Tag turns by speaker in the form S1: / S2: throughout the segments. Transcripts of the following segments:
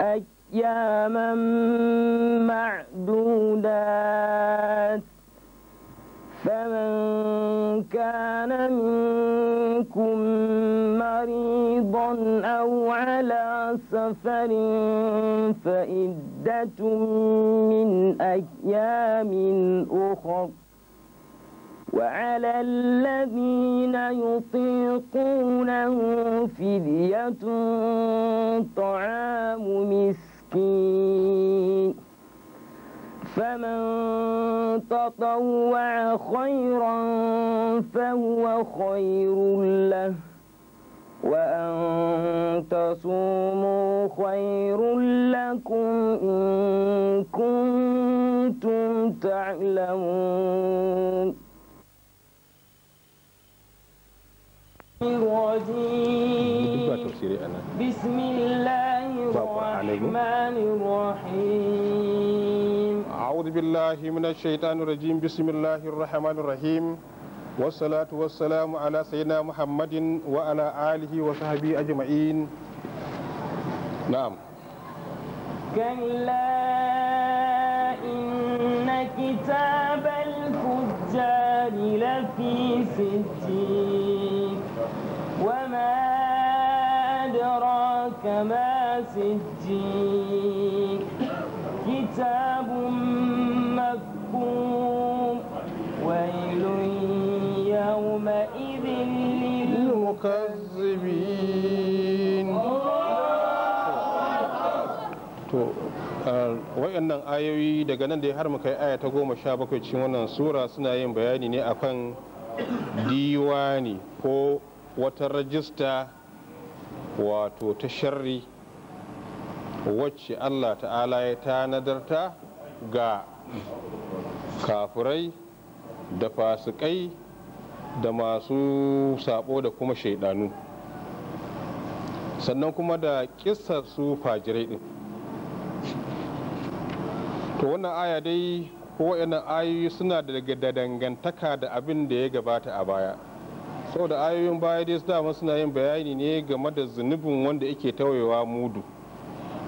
S1: أياما معدودات فمن كان منكم مريضا أو على سفر فإدة من أيام أخر وعلى الذين يطيقونه فدية طعام مسكين فمن تطوع خيرا فهو خير له وأن تصوموا خير لكم إن كنتم تعلمون بسم الله الرحمن الرحيم
S2: أعوذ بالله من الشيطان الرجيم بسم الله الرحمن الرحيم والصلاة والسلام على سيدنا محمد وعلى آله وصحبه أجمعين نعم كلا إن
S1: كتاب الفجار لفي سجين أدراك ما سجين كتاب مكتوم ويل يومئذ
S2: للمكذبين nan ayoyi daga nan da har muka yi aya ta goma sha bakwai cikin wannan sura suna yin bayani ne akan diwani ko wata rajista wato ta sharri wacce allah ta'ala ya tanadarta ga kafurai, da fasikai da masu sabo da kuma shaidanu sannan kuma da kisar su fajirai din to wannan aya dai ko ayoyi suna da dangantaka da abin da ya gabata a baya saboda ayoyin baya dai su dama suna yin bayani ne game da zunubin wanda yake tawayewa mudu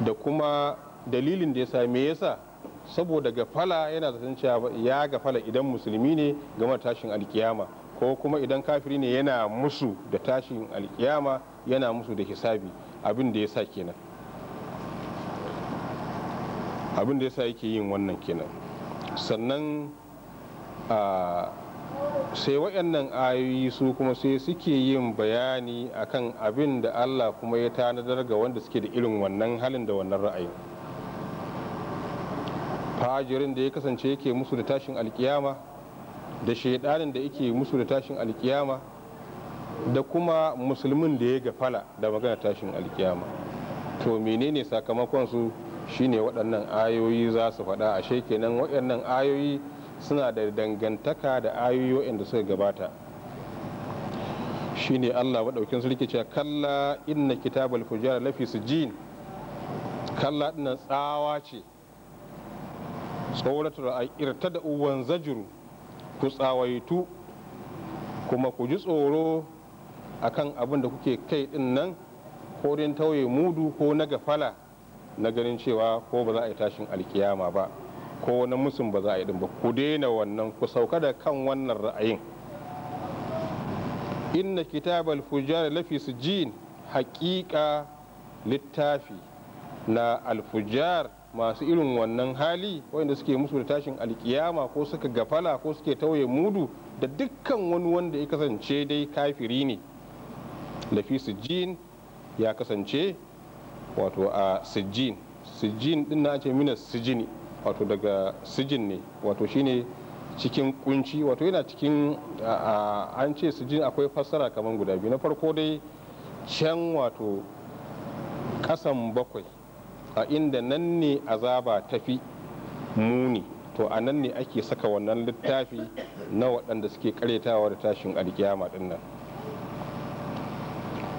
S2: da kuma dalilin da ya sa me yasa saboda gafala yana zaton cewa ya gafala idan musulmi ne game da tashin alkiyama ko kuma idan kafiri ne yana musu da tashin alkiyama yana musu da hisabi abin da ya sa kenan abin da ya sa yake yin wannan kenan sannan a ah, sai waɗannan ayoyi su kuma sai suke yin bayani akan abin da Allah kuma ya tanadar ga wanda suke da irin wannan halin da wannan ra'ayin fajirin da ya kasance yake musu da tashin alkiyama da shaidanin da yake musu da tashin alkiyama da kuma musulmin da ya gafala da magana tashin alkiyama to menene sakamakon su shine waɗannan ayoyi za su faɗa a kenan waɗannan ayoyi suna da dangantaka da ayoyin da suka gabata shine Allah maɗaukin sulki cewa kalla inna kitabal fujjar lafi jin kalla ɗinan tsawa ce tsoratar a irta da uwan zajiru ku tsawaitu kuma ku ji tsoro akan abin da kuke kai din nan ko din tauye mudu ko na gafala na ganin cewa ko ba za a yi tashin alkiyama ba ko wani musun ba za a yi ba ku daina wannan ku sauka da kan wannan ra'ayin inna al fujjar lafi sujin haƙiƙa littafi na alfujar masu irin wannan hali wanda suke musu da tashin alkiyama ko suka gafala ko suke tauye mudu da dukkan wani wanda ya kasance dai kafiri ne lafi ya kasance wato a sijin sijin din na ce mina sijini wato daga sijin ne wato shine cikin kunci wato yana cikin an ce sijin akwai fassara kamar guda biyu na farko dai can wato kasan bakwai a inda nan ne azaba tafi muni to a nan ne ake saka wannan littafi na waɗanda suke karetawa da tashin alkiyama din nan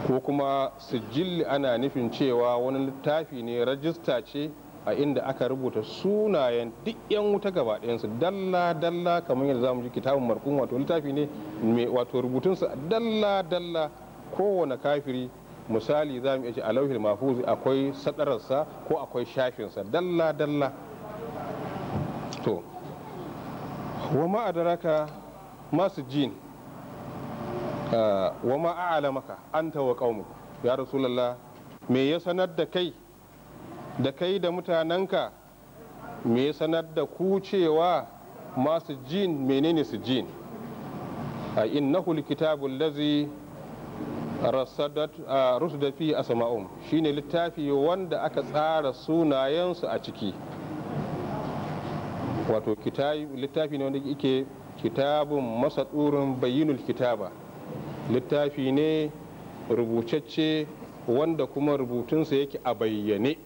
S2: ko kuma sijil ana nufin cewa wani littafi ne rajista ce a inda aka rubuta sunayen duk 'yan wuta gaba ɗayansu dalla dalla kamar yadda zamu ji kitabun markun wato littafi ne mai wato su dalla dalla kowane kafiri misali za mu iya ce a lauhin mafuzi akwai sadararsa ko akwai shafinsa dalla dalla to wa adraka masu jin ah, wa a'lamaka anta wa qaumuk ya rasulullah me ya sanar da kai da kai da mutanenka me sanar da ku cewa masu jin menene su jin a innahu likitabul lazi a fi shi shine littafi wanda aka tsara sunayensu a ciki wato littafi ne wanda yake kitabun masatsurin bayyinul kitaba littafi ne rubutacce wanda kuma rubutunsa yake a bayyane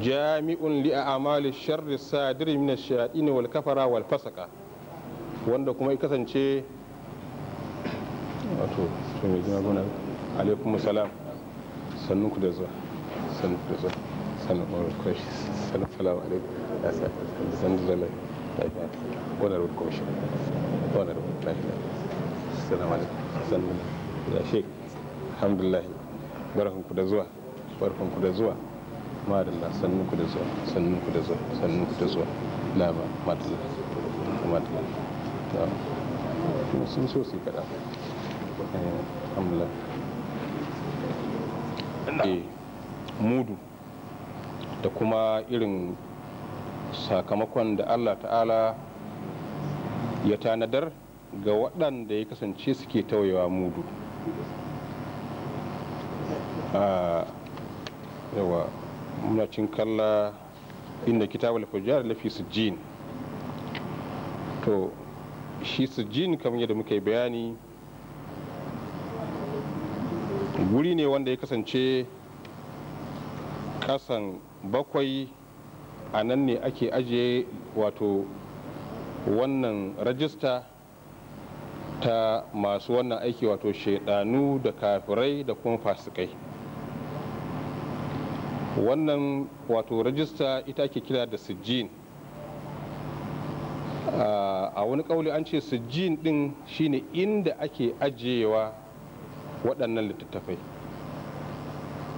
S2: jami'un li a'mali sharri sadiri min ash-shayatin wal kafara wal fasaka wanda kuma ya kasance wato to me jima gona alaikum salam sannu ku da zuwa da zuwa ku da alaikum ya sa lai lafiya lafiya alaikum da zuwa da zuwa madalla sannu ku da zuwa sannu ku da zuwa sannu ku da zuwa sun so su eh, eh, mudu da kuma irin sakamakon da allah ta'ala ya tanadar ga waɗanda ya kasance suke tauyewa mudu ah, yawa muna cin kalla inda kitabul fujjar lafi jin to shi jin kamar yadda muka yi bayani guri ne wanda ya kasance kasan bakwai a nan ne ake ajiye wato wannan rajista ta masu wannan aiki wato shaidanu da kafirai da kuma fasikai wannan wato rajista ita ke kira da sijjin ah, a wani kauli an ce sijjin din shine inda ake ajiyewa waɗannan littattafai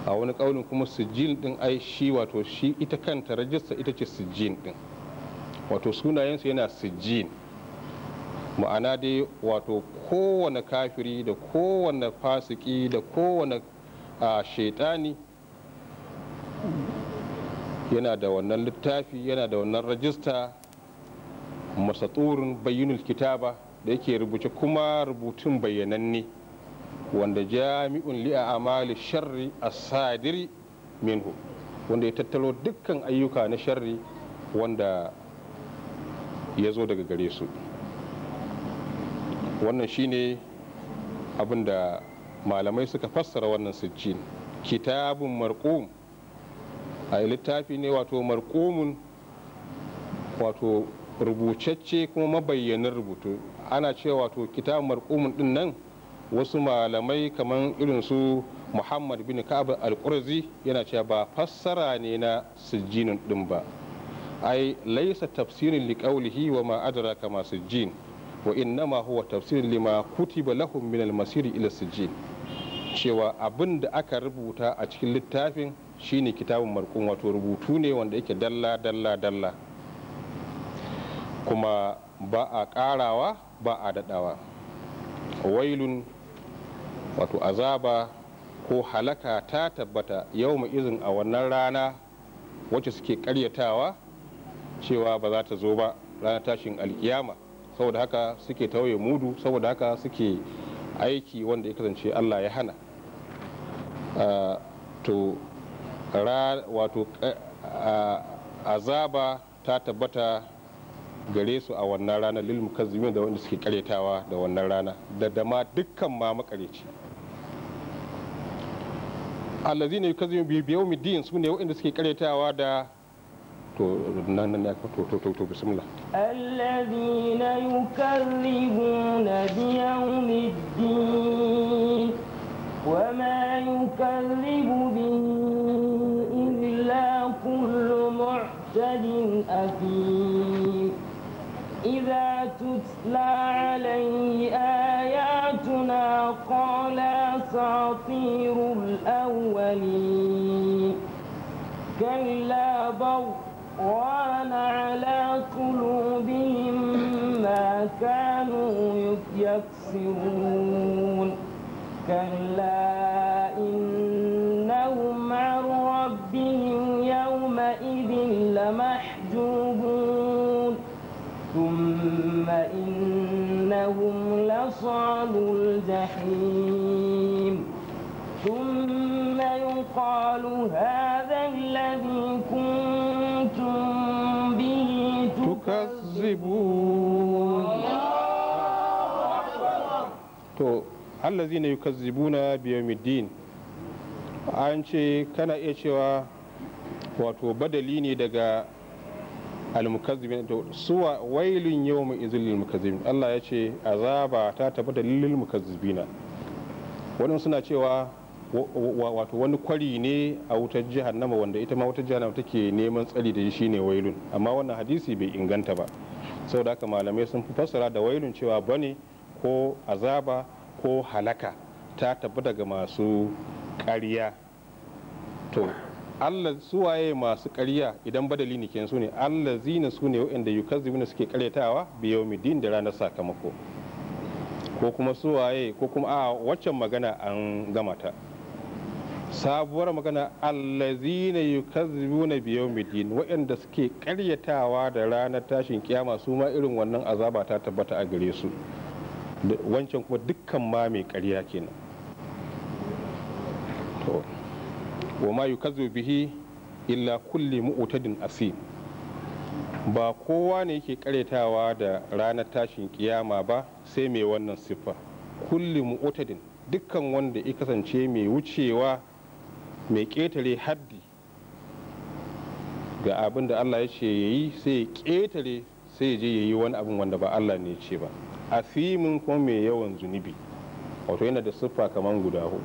S2: a wani kaulin kuma sijjin din ai shi wato shi ita kanta rajista ita ce sijjin din wato sunayensu yana sijjin ma'ana dai wato kowane kafiri da kowane fasiki da kowane ah, shaitani yana da wannan littafi yana da wannan rajista masaturin bayyinul kitaba da yake rubuce kuma rubutun bayyananne wanda jami'un li'a amali sharri asadiri minhu wanda ya tattalo dukkan ayyuka na sharri wanda ya zo daga gare su wannan shine abin da malamai suka fassara wannan sijjin kitabun marqum a littafi ne wato markomun wato rubucacce kuma mabayyanin rubutu ana cewa wato kitab markomun din nan wasu malamai kamar irin su muhammad bin ka'ab al-qurzi yana cewa ba fassara ne na sijjinin din ba ai laisa tafsirin liqaulihi wa ma adraka ma sijjin wa innama huwa tafsirin lima kutiba lahum min al-masir ila sijjin cewa abin da aka rubuta a cikin littafin shine kitabun markun wato rubutu ne wanda yake dalla dalla dalla kuma ba a karawa ba a daɗawa wailun wato azaba ko halaka ta tabbata yau izin a wannan rana wacce suke karyatawa cewa ba za ta zo ba rana tashin alkiyama saboda haka suke tauye mudu saboda haka suke aiki wanda ya kasance allah ya hana ah, to wato eh, azaba ta tabbata gare su a wannan rana lil mukazzimin da wanda suke karetawa da wannan rana da dama dukkan ma makareci allazina yukazzimu bi diyan din ne wanda suke karetawa da to nan nan ya to to to to bismillah
S1: allazina yukazzibuna bi yawmi din wa ma yukazzibu bihi معتد أثيم إذا تتلى عليه آياتنا قال أساطير الأولين كلا بغوان على قلوبهم ما كانوا يكسرون كلا لمحجوبون ثم إنهم لصال الجحيم ثم يقال هذا الذي كنتم به
S2: تكذبون الذين يكذبون بيوم الدين أنت كان يشوى wato badali ne daga almukazzibin to suwa wailin yawma izil Allah ya ce azaba ta taba dalilin mukazzibina wani suna cewa wato wani kwari ne a wutar nama wanda ita ma wutar jahannama take neman tsari da shi ne wailun amma wannan hadisi bai inganta ba sau da haka malamai sun fi fassara da wailun cewa bane ko azaba ko halaka ta tabbata daga masu ƙarya to Allah suwaye masu ƙarya idan badali nikin su ne Allah zina su ne waɗanda yukazzibuna suke karyatawa din da ranar sakamako ko kuma suwaye ko kuma a waccan magana an gama ta sabuwar magana allazina yukazzibuna din waɗanda suke karyatawa da ranar tashin kiyama su ma irin wannan azaba ta tabbata a gare su wancan kuma dukkan ma mai ƙarya kenan wa ma yukazzu bihi illa kulli mu'tadin asim ba kowa ne yake karetawa da ranar tashin kiyama ba sai mai wannan siffa kulli mu'tadin dukkan wanda ya kasance mai wucewa mai ketare haddi ga abin da Allah ya ce ya yi sai ya ketare sai ya je ya yi wani abin wanda ba Allah ne ce ba asimin kuma mai yawan zunubi wato yana da siffa kamar guda hudu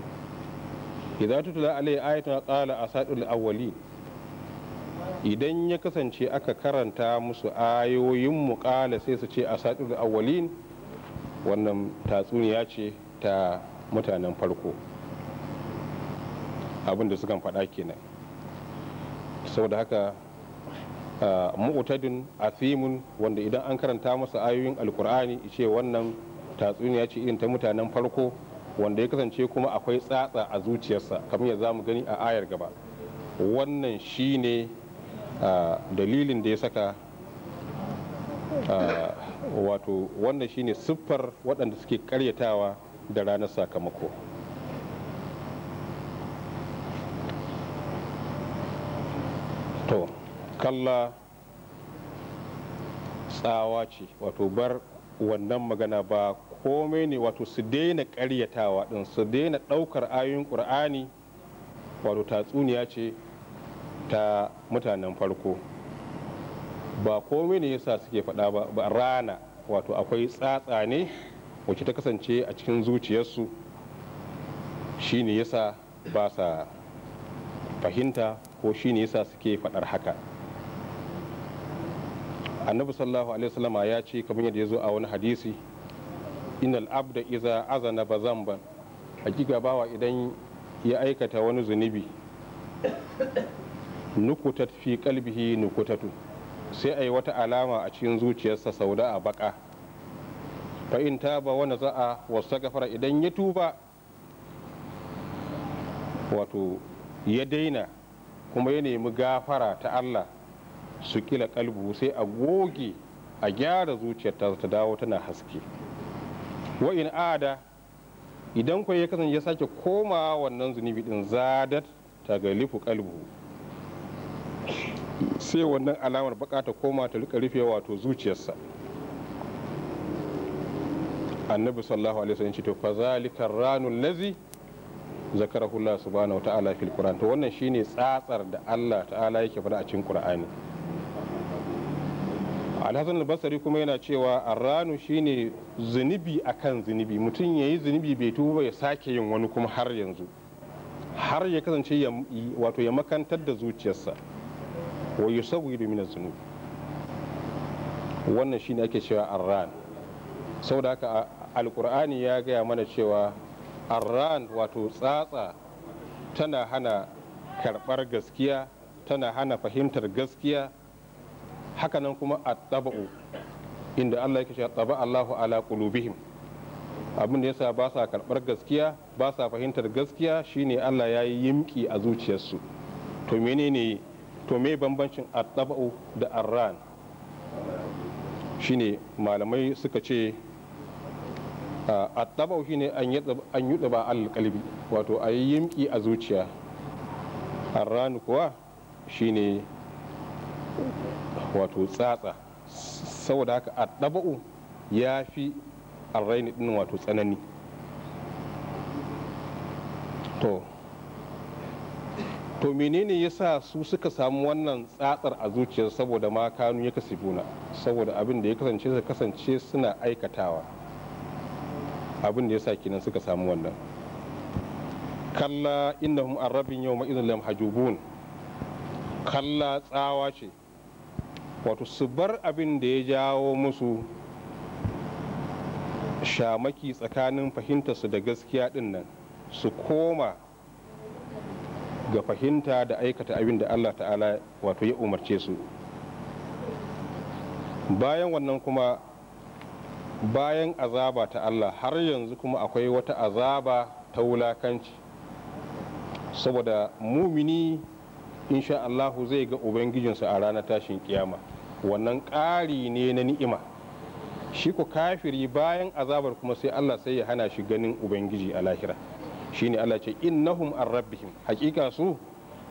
S2: idza tutla alai tsala qala asadul awwalin idan ya kasance aka karanta musu ayoyin mu sai su ce asadul awwalin wannan tatsuniya ce ta mutanen farko abin da sukan faɗa kenan saboda haka mu'tadin asimun wanda idan an karanta masa ayoyin alkur'ani ce wannan tatsuniya ce irin ta mutanen farko wanda ya kasance kuma akwai tsatsa a zuciyarsa kamar ya mu gani a ayar gaba wannan shi ne dalilin da ya saka wato wannan ne siffar waɗanda suke karyatawa da ranar sakamako to kalla tsawa ce wato bar wannan magana ba komai ne wato su daina karyatawa din su daina ɗaukar ayoyin ƙur'ani wato tatsuniya ce ta mutanen farko ba komai ne yasa suke faɗa ba ba rana wato akwai tsatsa ne wacce ta kasance a cikin zuciyarsu shi ne yasa ba sa fahimta ko shi ne yasa suke faɗar haka annabi sallallahu alaihi wasallama ya ce kamar yadda ya zo a wani hadisi innal abda iza azana bazamban hakika bawa idan ya aikata wani zunubi nukutat fi kalbihi nukutatu sai a yi wata alama a cikin zuciyarsa sau da a baka fa in taba wani za'a wasu gafara idan ya tuba wato ya daina kuma ya nemi gafara ta Allah su kila kalbu sai a goge a gyara zuciyar ta ta dawo tana haske wa in ada idan kuwa ya kasance sake koma wannan zunubi din zadat ta lifu kalbu sai wannan alamar baka ta koma ta rika rufe wato zuciyarsa annabi sallallahu alaihi wasallam ce to fa zalika ranul lazi zakarahu Allah subhanahu wa ta'ala fil qur'an to wannan shine tsatsar da Allah ta'ala yake faɗa a cikin kur'ani. alhassan albasari kuma yana cewa arranu shine zunubi akan zunubi mutum ya yi zunubi bai tuba ya sake yin wani kuma har yanzu har ya kasance wato ya makantar da zuciyarsa wa yusawwiru domin zunubi wannan shine ake cewa sau saboda haka alkur'ani ya gaya mana cewa arran wato tsatsa tana hana karbar gaskiya tana hana fahimtar gaskiya hakanan kuma a tabau inda Allah yake a taba Allahu ala qulubihim abin da yasa ba sa karbar gaskiya ba sa fahimtar gaskiya shine Allah ya yi yimki a zuciyarsu to menene to me bambancin a tabau da arran shine malamai suka ce a tabau shine an yi an yi ba al kalbi wato a yi yimki a zuciya arran kuwa shine wato tsatsa saboda haka a ɗaba'u ya fi arraini ɗin wato tsanani to to menene ya sa su suka samu wannan tsatsar a zuciyar saboda ma kanu ya buna saboda abin da ya kasance su kasance suna aikatawa abin da ya sa kinan suka samu wannan kalla innahum arrabin yau ma'izin lam hajjubun kalla tsawa ce wato su bar abin da ya jawo musu shamaki tsakanin fahimtarsu da gaskiya din nan su koma ga fahimta da aikata abin da allah ta'ala wato ya umarce su bayan wannan kuma bayan azaba ta allah har yanzu kuma akwai wata azaba ta wulakanci saboda mumini insha allahu zai ga ubangijinsa a ranar tashin kiyama wannan ƙari ne na ni'ima shi ku kafiri bayan azabar kuma sai Allah sai ya hana shi ganin ubangiji a lahira shi ne Allah ce innahum an rabbihim hakika su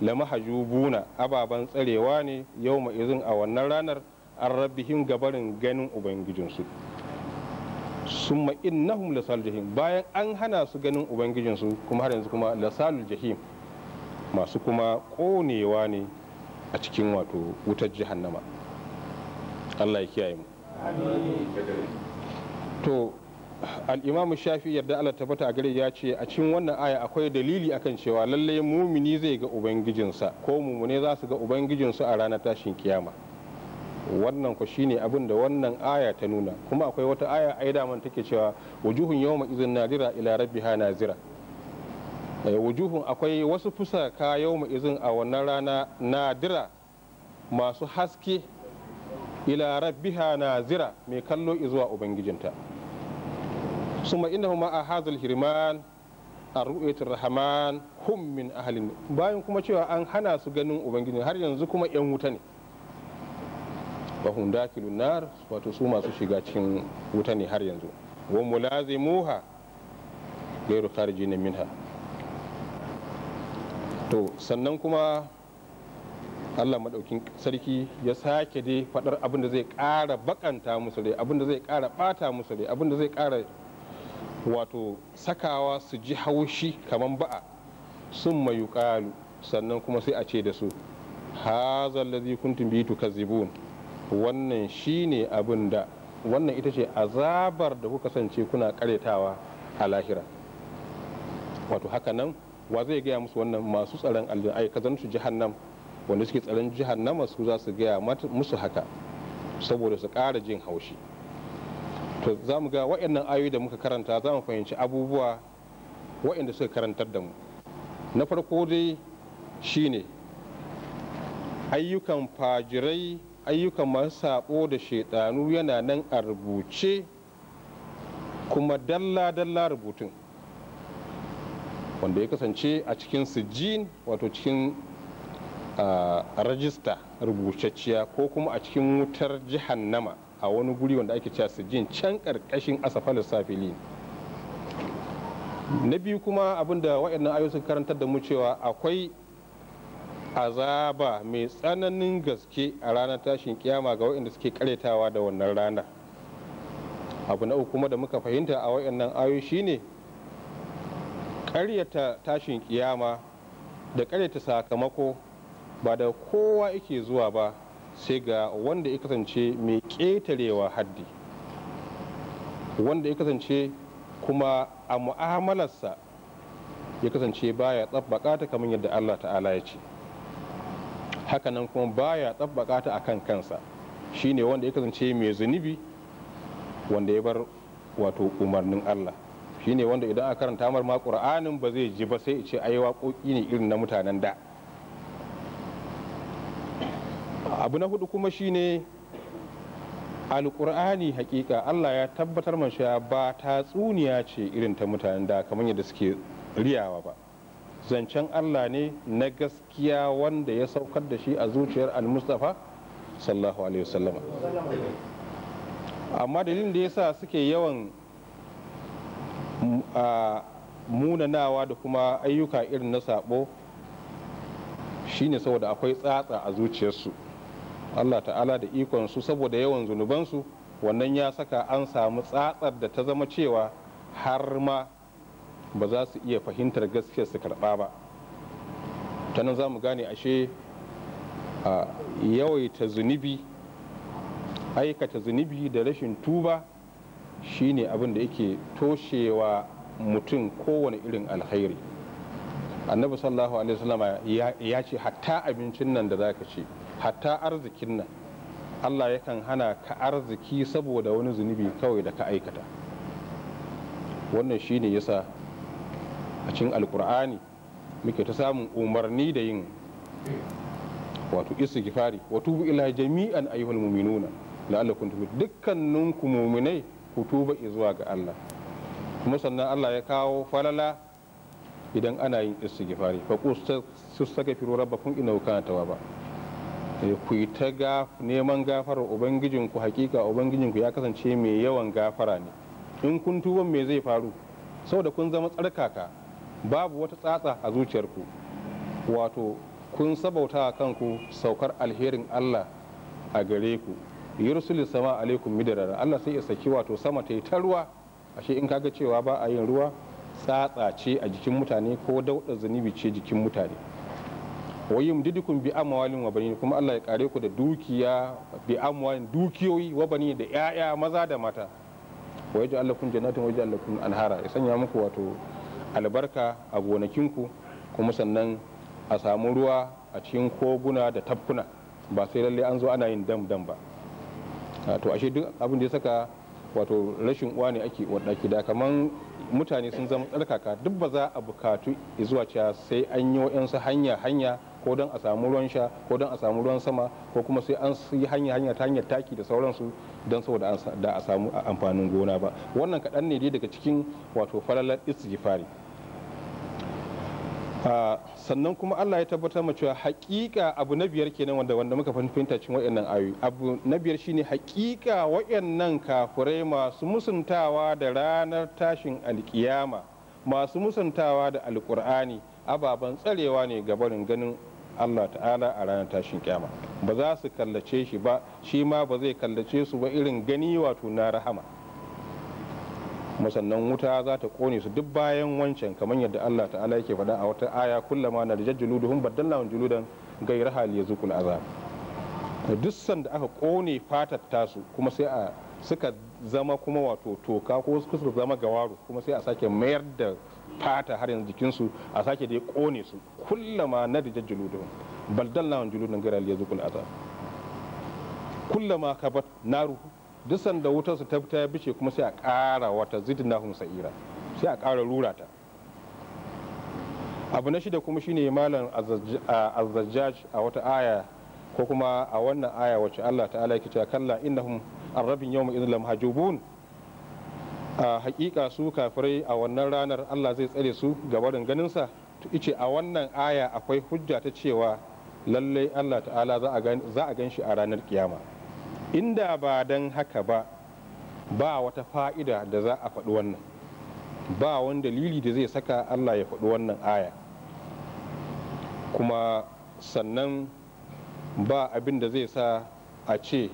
S2: la lamahajubuna ababan tsarewa ne yau izin a wannan ranar an rabbihim gabarin ganin ubangijinsu summa innahum lasal jahim bayan an hana su ganin ubangijinsu kuma har yanzu kuma lasalul jahim masu kuma konewa ne a cikin wato wutar jahannama Allah ya kiyaye mu to al'imam shafi yadda Allah tabbata a gare ya ce a cikin wannan aya akwai dalili akan cewa lallai mumini zai ga ubangijinsa ko mumune za su ga ubangijinsu a ranar tashin kiyama wannan ku shine abin da wannan aya ta nuna kuma akwai wata aya ai daman take cewa wujuhun yawma izin nadira ila rabbiha nazira eh, wujuhun akwai wasu fusaka yawma izin a wannan rana nadira masu haske ila rabbiha nazira mai kallo zuwa ubangijinta suma huma ma hazal hirman arru'atul rahman hum min ahlin bayan kuma cewa an hana su ganin ubangiji har yanzu kuma yan wuta ne wa hum dakilun nar wato su masu shiga cikin wuta ne har yanzu wa mulazimuha ghairu kharijin minha to sannan kuma allah maɗaukin sarki ya sake dai faɗar abin da zai ƙara bakanta musu dai abin da zai ƙara ɓata musu dai abin da zai ƙara wato sakawa su ji haushi kamar ba'a sun mayu ƙalu sannan kuma sai a ce da su hazal ladhi kuntum bihi tukazzibun wannan shine abin da wannan ita ce azabar da kuka sance kuna karetawa a lahira wato haka nan wa zai gaya musu wannan masu tsaron aljanna ai ka su jahannam wanda suke tsaron jihar na masu za su gaya musu haka saboda su ƙara jin haushi to za mu ga waɗannan ayoyi da muka karanta za mu fahimci abubuwa waɗanda suka karantar da mu na farko dai shine ayyukan fajirai ayyukan masu saɓo da shaidanu yana nan a rubuce kuma dalla-dalla rubutun wanda ya kasance a cikin sijin wato cikin A rajista rubutacciya ko kuma a cikin wutar nama a wani guri wanda ake cewa sijin can karkashin asafal safili na biyu kuma abinda waɗannan ayo sun karantar da mu cewa akwai azaba mai tsananin gaske a ranar tashin kiyama ga waɗanda suke karetawa da wannan rana abu na uku kuma da muka fahimta a waɗannan shi shine karyata tashin kiyama da karyata sakamako ba da kowa yake zuwa ba sai ga wanda ya kasance mai ƙetarewa haddi wanda ya kasance kuma a mu'amalarsa ya kasance baya tsabbaka ta kamar yadda Allah ta'ala ya ce hakanan kuma baya tsabbaka a kan kansa shine wanda ya kasance mai zunubi wanda ya bar wato umarnin Allah shine wanda idan a karanta mar ma ba zai ji ba sai ya ce ai waƙoƙi ne irin na mutanen da abu na hudu kuma shine alkur'ani hakika allah ya tabbatar man sha ba ta tsuniya ce irin ta mutanen da kamar yadda suke riyawa ba zancen allah ne na gaskiya wanda ya saukar da shi a zuciyar al-mustapha sallallahu alaihi wasallama amma dalilin da ya sa suke yawan munanawa da kuma ayyuka irin na sabo shine saboda akwai tsatsa a zuciyarsu Allah ta'ala da ikon su saboda yawan zunubansu wannan ya saka an samu tsatsar da ta zama cewa har ma ba za su iya fahimtar gaskiyar su karɓa ba ta nan za mu gane ashe a yawaita zunubi aikata zunubi da rashin tuba shine abin da yake toshewa mutum kowane irin alkhairi annabi sallallahu alaihi wasallama ya ce hatta abincin nan da zaka ce hatta arzikin nan allah yakan hana ka arziki saboda wani zunubi kawai da ka aikata wannan shi shine yasa a cikin alkur'ani muke ta samun umarni da yin wato gifari wato bu ila jami'an ayyuhal mu'minuna la'allakum tuflihun dukkaninku mu'minai ku tuba zuwa ga Allah kuma sannan Allah ya kawo falala idan ana yin istighfari fa qustagfiru rabbakum innahu kana tawwaba Eh, ku yi ta neman gafarar ubangijinku hakika ubangijinku ya kasance mai yawan gafara ne in kun tuba me zai faru saboda kun zama tsarkaka babu wata tsatsa a zuciyarku wato kun sabauta a kanku saukar alherin Allah a gare ku yursulis sama alaikum midarara Allah sai ya saki wato sama ta yi ta ruwa ashe in kaga cewa ba a yin ruwa tsatsa ce a jikin mutane ko dauɗa zunubi ce jikin mutane wa yumdidukum bi amwalin wa banin kuma Allah ya kare ku da dukiya bi amwalin dukiyoyi wa banin da yaya maza da mata wa yaj'al jannatin wa Allah anhara ya sanya muku wato albarka a gonakinku kuma sannan a samu ruwa a cikin koguna da tafkuna ba sai lalle an zo ana yin dam dam ba to ashe duk abin da ya saka wato rashin uwa ne ake wadaki da kaman mutane sun zama tsarkaka duk ba za a bukatu zuwa cewa sai an yi wa'yansu hanya hanya ko don a samu ruwan sha ko don a samu ruwan sama ko kuma sai an yi hanya hanya ta hanyar taki da sauransu don saboda da a samu amfanin gona ba wannan kaɗan ne dai daga cikin wato falalar istighfari sannan kuma Allah ya tabbatar mu cewa hakika abu na biyar kenan wanda wanda muka fahimta cikin waɗannan ayoyi abu na biyar shine hakika waɗannan kafurai masu musuntawa da ranar tashin alkiyama masu musuntawa da alkur'ani ababen tsarewa ne ga barin ganin Allah ta'ala a ranar tashin kyama ba za su kallace shi ba shi ma ba zai kallace su ba irin gani wato na rahama musannan wuta za ta kone su duk bayan wancan kamar yadda Allah ta'ala yake faɗa a wata aya kullama na da jajjuluduhum baddalna juludan gairar hali ya zukul azab duk sanda aka kone fatar tasu kuma sai a suka zama kuma wato toka ko suka zama gawaro kuma sai a sake mayar da fata har yanzu jikinsu a sake ya kone su kullama na da juluduhum bal dalnahum juludan ghayra liyazuqul ka kullama na naru duk sanda wutar su ta fita ya bice kuma sai a kara wata na sa'ira sai a ƙara rura ta abu na shida kuma shine malam azajaj a wata aya ko kuma a wannan aya wacce Allah ta'ala yake cewa kalla innahum arrabin yawma lam hajubun a hakika su kafirai a wannan ranar Allah zai tsare su ga barin ganinsa to ice a wannan aya akwai hujja ta cewa lallai Allah ta'ala za a gan shi a ranar kiyama inda ba don haka ba ba wata fa'ida da za a faɗi wannan ba wani dalili da zai saka Allah ya faɗi wannan aya kuma sannan ba abin da zai sa a ce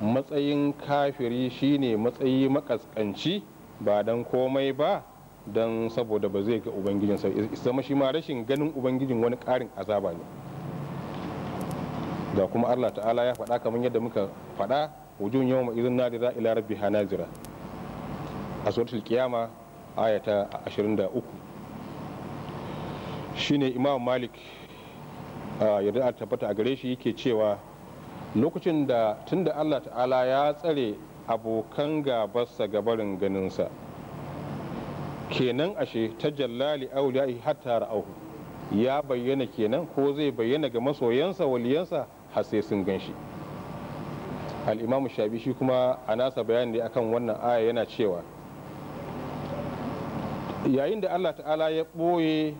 S2: matsayin kafiri shine matsayi makaskanci ba don komai ba don saboda ba zai ga ubangijinsa zama shi ma rashin ganin ubangijin wani karin azaba ne ga kuma allah ta'ala ya faɗa kamar yadda muka faɗa wujun yau ma izin nadira ila rabbi hanazira a suratul kiyama ayata 23 shine imam malik yadda a tabbata a gare shi yake cewa lokacin da tunda allah ta'ala ya tsare abokan gabarsa gabarin ganinsa kenan ashe ta jallali auliyai hatta ra'ahu ya bayyana kenan ko zai bayyana ga masoyansa waliyansa har sai sun gan shi al'imamu shabi shi kuma a nasa bayani akan wannan aya yana cewa yayin da allah ta'ala ya ɓoye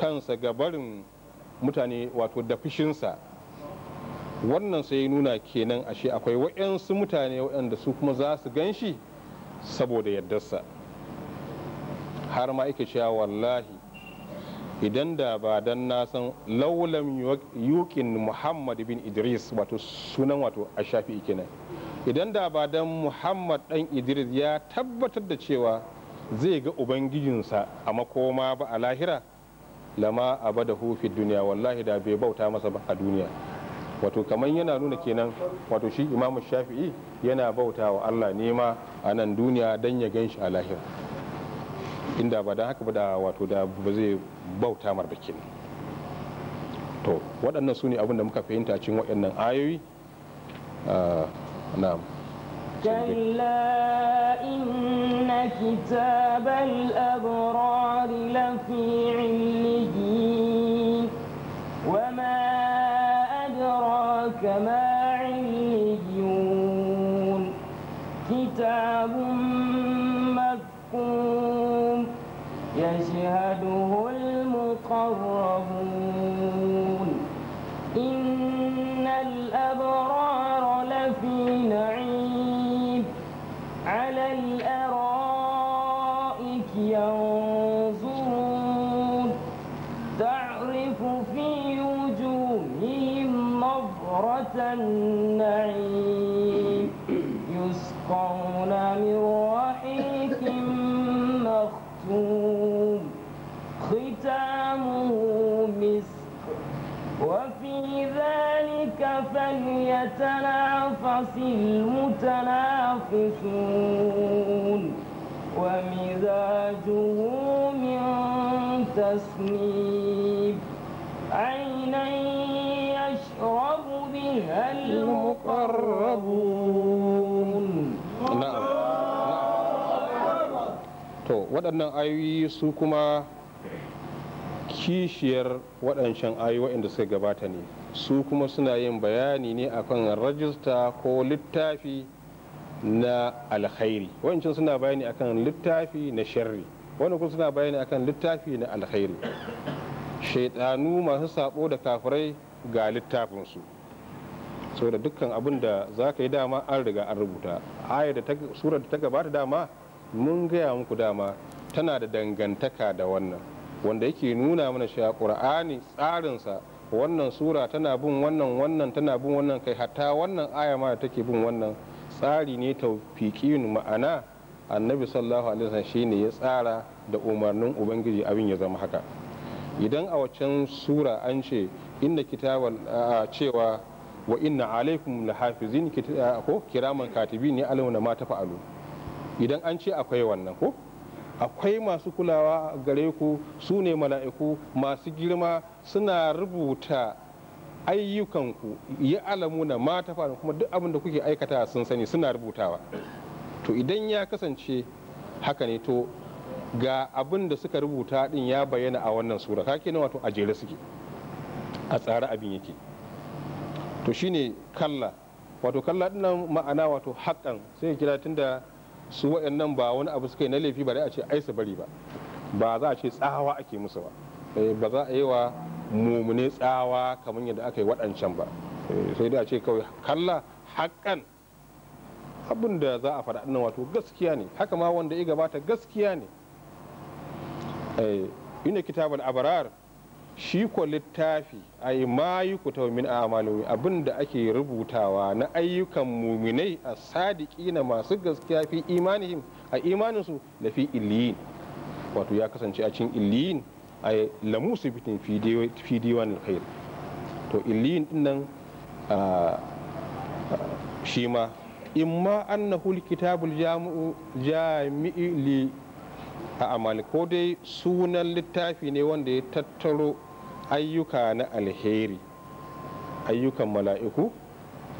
S2: kansa gabarin mutane wato da fushinsa wannan sai nuna kenan ashe akwai wa'yansu mutane waɗanda su kuma za su gan shi saboda yardarsa har ma ike cewa wallahi idan da ba dan na san laulam yukin muhammad bin idris wato sunan wato a shafi kenan idan da ba dan muhammad dan idris ya tabbatar da cewa zai ga ubangijinsa a makoma ba a lahira lama a bada hufin duniya wallahi da bai bauta masa ba a duniya wato kamar yana nuna kenan wato shi imamu shafi'i yana bauta wa allah nema a nan duniya don ya gan shi a lahira inda ba da haka ba da wato da ba zai bauta mar bakin to waɗannan su ne abin da muka fahimta cikin waɗannan ayoyi ah, na
S1: kalla إن kitabar 哥们。
S2: waɗannan ayoyi su kuma kishiyar waɗancan ayoyi waɗanda suka gabata ne su kuma suna yin bayani ne akan rajista ko littafi na alkhairi wancan suna bayani akan littafi na sharri wani kuma suna bayani akan littafi na alkhairi shaidanu masu sabo da kafirai ga littafinsu da dukkan abin da za ka yi dama an riga an rubuta aya da surar da ta gabata dama mun gaya muku dama tana da dangantaka da wannan wanda yake nuna mana cewa ƙur'ani tsarinsa wannan sura tana bin wannan wannan tana bin wannan kai hatta wannan aya ma take bin wannan tsari ne taufiqin ma'ana annabi sallallahu alaihi wasallam shine ya tsara da umarnin ubangiji abin ya zama haka idan a waccan sura an ce inna kitabal cewa wa inna alaikum lahafizin ko kiraman katibi ne alauna ma tafa'alu idan an ce akwai wannan ko akwai masu kulawa gare ku su ne mala'iku masu girma suna rubuta ayyukanku ya alamu na mata faru kuma duk abin da kuke aikata sun sani suna rubutawa to idan ya kasance haka ne to ga abin da suka rubuta din ya bayyana a wannan sura kake na wato a jere suke a tsara abin yake to shine kalla wato kalla dinnan ma'ana wato haƙƙan sai kira tunda su waɗannan ba wani abu suka yi na laifi ba dai a ce aisa bari ba ba za a ce tsawa ake musu ba eh, ba za a yi wa mumune tsawa kamar yadda aka yi waɗancan ba eh, sai dai a ce kawai kalla haƙƙan abin da za a faɗa nan wato gaskiya ne haka ma wanda ya gabata gaskiya ne eh, ina kitabul abarar. shi ko littafi ai ma yi ku min amalin abin da ake rubutawa na ayyukan muminai a sadiki na masu gaskiya fi imanihim a imaninsu da fi illiyin wato ya kasance a cikin illiyin a lamusu bitin fi diwan alkhair to illiyin din nan shi ma in ma annahu kitabul jami'i li a amali ko dai sunan littafi ne wanda ya tattaro ayyuka na alheri ayyukan mala'iku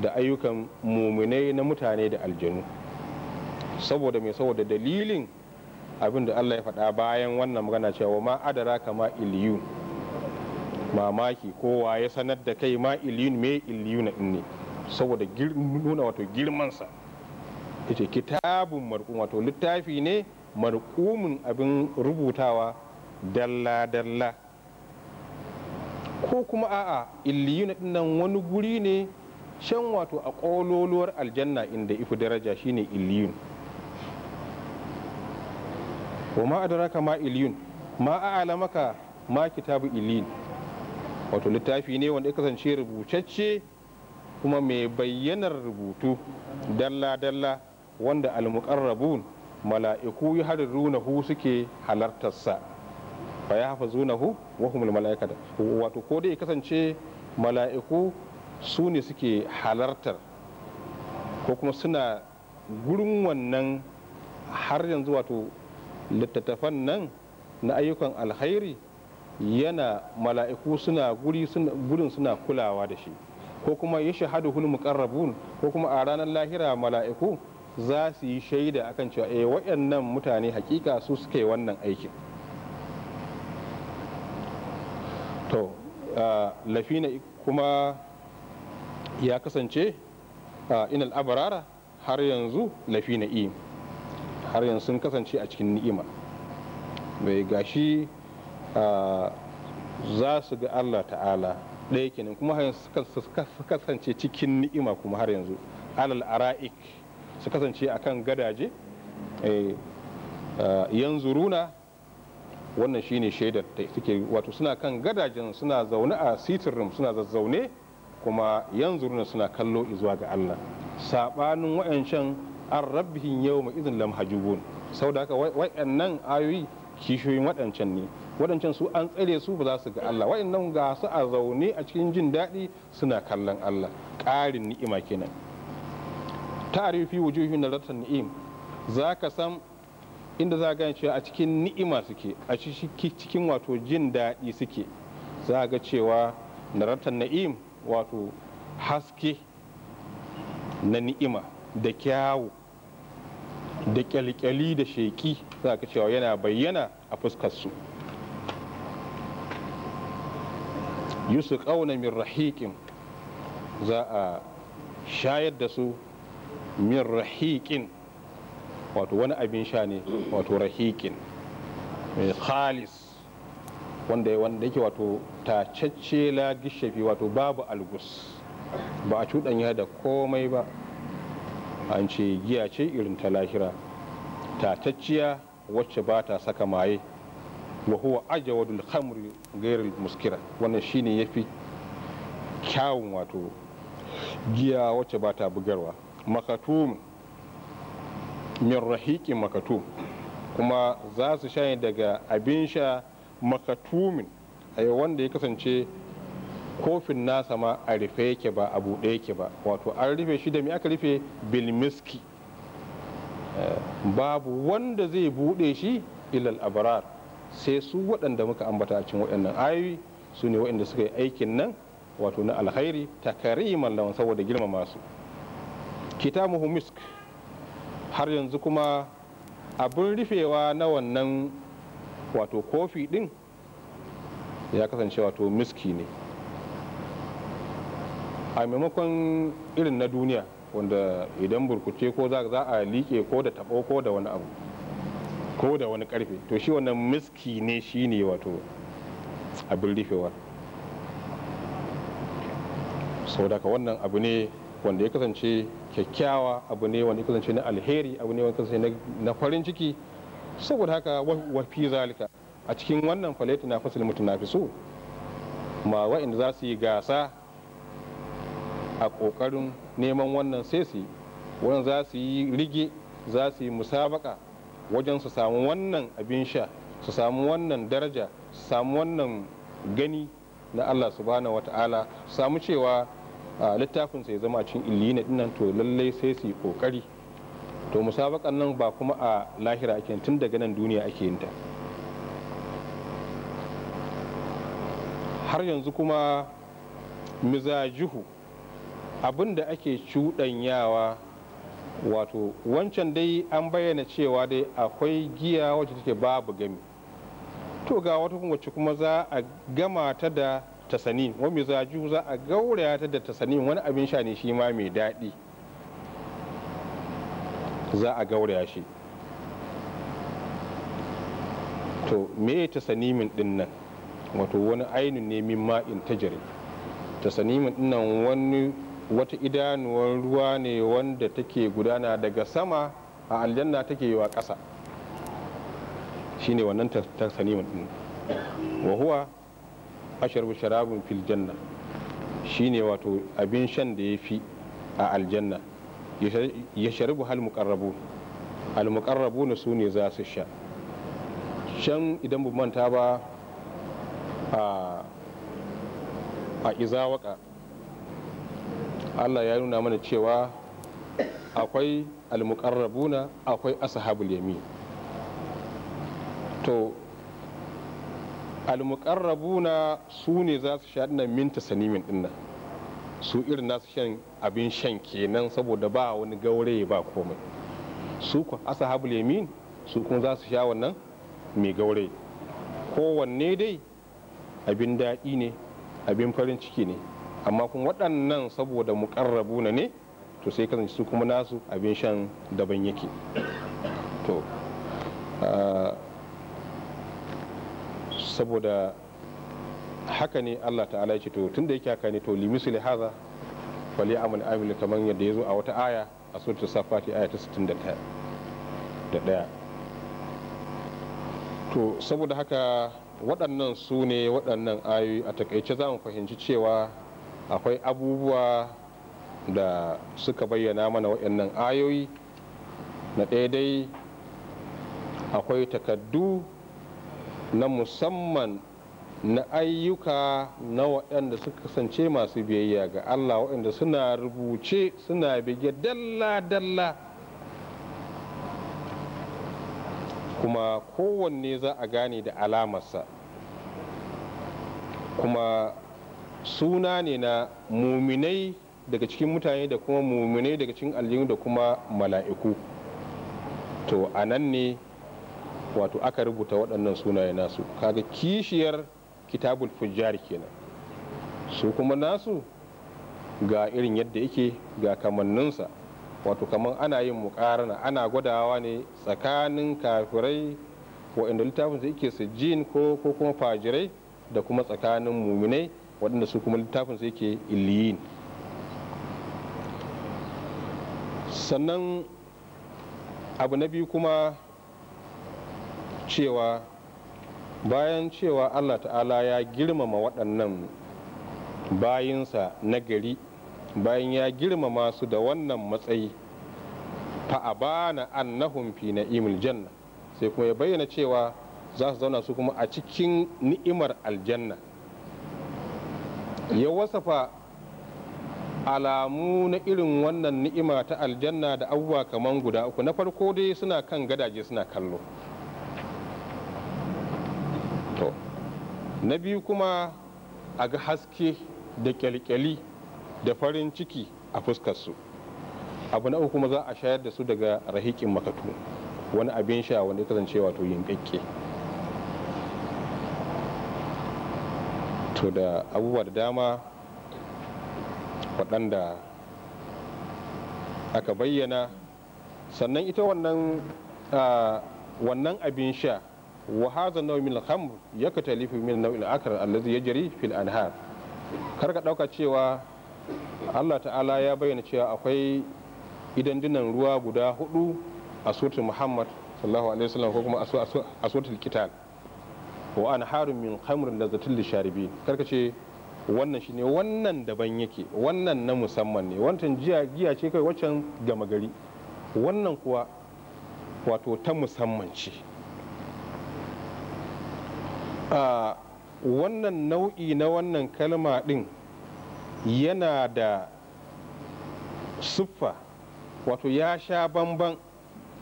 S2: da ayyukan muminai na mutane da aljanu saboda mai saboda dalilin abin da Allah ya faɗa bayan wannan magana cewa ma adara kama iliyu mamaki kowa ya sanar da kai ma iliyun me iliyun ne saboda nuna wato girmansa ita kitabun marƙum wato littafi ne marƙumin abin rubutawa dalla-dalla ko kuma a'a illiyuna dinnan wani guri ne shan wato a ƙololuwar aljanna inda ifi daraja shine illiyun ko ma adaraka ma iliyun ma a'lamaka ma kitabu iliyun wato littafi ne wanda ya kasance rubutacce kuma mai bayyanar rubutu dalla-dalla wanda almukarrabun mala'iku ya hu suke halartarsa fa ya hafazunahu wa humul malaikatu wato ko dai kasance mala'iku su ne suke halartar ko kuma suna gurin wannan har yanzu wato littattafan nan na ayyukan alkhairi yana mala'iku suna gurin suna kulawa da shi ko kuma ya shahadu hul muqarrabun ko kuma a ranar lahira mala'iku za su yi shaida akan cewa eh waɗannan mutane hakika su suke wannan aikin to lafina kuma ya kasance inal abarara har yanzu lafina i har yanzu sun kasance a cikin ni'ima bai gashi za su ga allah ta'ala ɗaya kenan kuma har yanzu su kasance cikin ni'ima kuma har yanzu alal ara'ik su kasance akan gadaje eh, yanzu runa wannan shine shaidar da suke wato suna kan gadajen suna zaune a sitirin suna zazzaune kuma yanzu suna kallo izuwa ga Allah sabanin wayancan an rabbihin yau mai izin lam sau da haka ayoyi kishiyoyin waɗancan ne waɗancan su an tsare su ba za su ga Allah wa'annan ga su a zaune a cikin jin daɗi suna kallon Allah ƙarin ni'ima kenan ta'arifi wujuhin da ni'im za ka san inda za gane cewa a cikin ni'ima suke a cikin wato jin daɗi suke za ga cewa naratan na'im wato haske na ni'ima da kyawu da kyalkyali da sheki za ga cewa yana bayyana a fuskarsu yusu ƙauna min rahiƙin za a shayar da su min rahiƙin wato wani abin sha ne wato rahikin mai khalis wanda yake wato cacce la gishafi wato babu algus ba a cuɗanya da komai ba an ce giya ce irin ta lahira tatacciya wacce ba ta saka maye wa huwa ajawadul khamri gairul muskira wannan shine yafi kyawun wato giya wacce ba ta bugarwa makatum min rahiki makatum kuma za su sha daga abin sha makatumin a wanda ya kasance kofin nasa ma a rufe yake ba a buɗe yake ba wato an rufe shi da mai aka rufe bilmiski eh, babu wanda zai buɗe shi ilal abrar sai su waɗanda muka ambata a cin waɗannan ayoyi su ne waɗanda suka yi aikin nan wato na alkhairi takari lawan saboda girmama su kitabu misk har yanzu kuma abin rufewa na wannan wato kofi din ya kasance wato miski ne a maimakon irin na duniya wanda idan burkuce ko za a liƙe ko da taɓo ko da wani abu ko da wani karfe to shi wannan miski ne shi ne wato abin rufewa sau daga wannan abu ne wanda ya kasance kyakkyawa abu ne wanda ya kasance na alheri abu ne wanda ya kasance na farin ciki saboda haka wafi zalika a cikin wannan faleti na fasil so ma wa'inda za su yi gasa a kokarin neman wannan sai su wannan za su yi rige za su yi musabaka wajen su samu wannan abin sha su samu wannan daraja su samu wannan gani na Allah subhanahu wata'ala samu cewa littafin sai zama cin illina dinnan to lallai sai su yi kokari to musabakan nan ba kuma a lahira ake tun daga nan duniya ake yin ta har yanzu kuma mizajuhu abin da ake cuɗanyawa wato wancan dai an bayyana cewa dai akwai giya wacce take babu gami to ga wata wacce kuma za a gama ta da tasanin wa zaju za a gauraya ta da tasanin wani abin sha ne shi ma mai daɗi za a gauraya shi to me tasanimin din nan wato wani ainihin ne min ma'in tajiri tasanimin din nan wani wata idanuwar ruwa ne wanda take gudana daga sama a aljanna take yi wa ƙasa shine wannan tasanimin din wa huwa ashrabu sharabun fil janna shine wato abin shan da ya fi a aljanna ya sharibu hal muqarrabu al muqarrabu na sune za su sha shan idan bu manta ba a a izawaka Allah ya nuna mana cewa akwai muqarrabuna akwai ashabul yamin to almuqarrabuna su ne za su sha dinnan minta sanimin dinnan su irin nasu shan abin shan kenan saboda ba wani gaure ba komai su ku ashabul lemin su kuma za su sha wannan mai gaure kowanne dai abin daɗi ne abin farin ciki ne amma kuma waɗannan saboda muƙarrabuna ne to sai kasance su kuma nasu abin shan daban yake to ah, saboda haka ne Allah ta'ala ya ce to tunda yake haka ne to limisu li lihaza fali amal amil kamar yadda ya zo a wata aya a suratul safati aya ta 61 to saboda haka waɗannan su ne waɗannan ayoyi a takaice za mu fahimci cewa akwai abubuwa da suka bayyana mana waɗannan ayoyi na ɗaya dai akwai takaddu na musamman na ayyuka na waɗanda suka kasance masu biyayya ga Allah waɗanda suna rubuce suna bige dalla-dalla kuma kowanne za a gane da alamarsa kuma suna ne na muminai daga cikin mutane da kuma muminai daga cikin aljihu da kuma mala'iku to a nan ne wato aka rubuta waɗannan sunaye nasu kaga kishiyar kitabul fujjar kenan su kuma nasu ga irin yadda yake ga kamanninsa wato kaman ana yin mukarana ana gwadawa ne tsakanin kafirai waɗanda littafin yake sijjin ko ko kuma fajirai da kuma tsakanin muminai waɗanda su kuma littafin yake illiyin sannan abu na biyu kuma cewa bayan cewa allah ta'ala ya girmama waɗannan bayinsa na gari bayan ya girmama su da wannan matsayi fa'abana annahum fi na'imul janna sai kuma ya bayyana cewa za su zauna su kuma a cikin ni'imar aljanna ya wasafa alamu na irin wannan ni'ima ta aljanna da abubuwa kaman guda uku na farko dai suna kan gadaje suna kallo na biyu kuma a ga haske da kyalkyali da farin ciki a fuskarsu abu na uku kuma za a shayar da su daga rahikin makatu wani abin sha wanda ya kasance wato yin yinkakke to da abubuwa da dama waɗanda aka bayyana sannan ita wannan ah, abin sha wa hadha naw min al-khamr yakatalifu min naw'il akar alladhi yajri fil anhar kar ka dauka cewa Allah ta'ala ya bayyana cewa akwai idandunan ruwa guda hudu a suratul Muhammad sallallahu alaihi wasallam ko kuma a suratul Qital wa anharun min khamrin lazzatil lisharibin karka ce wannan shine wannan daban yake wannan na musamman ne wancan jiya giya ce kai waccan gama gari wannan kuwa wato ta musamman ce a wannan nau'i na wannan kalma ɗin yana da siffa wato ya sha bamban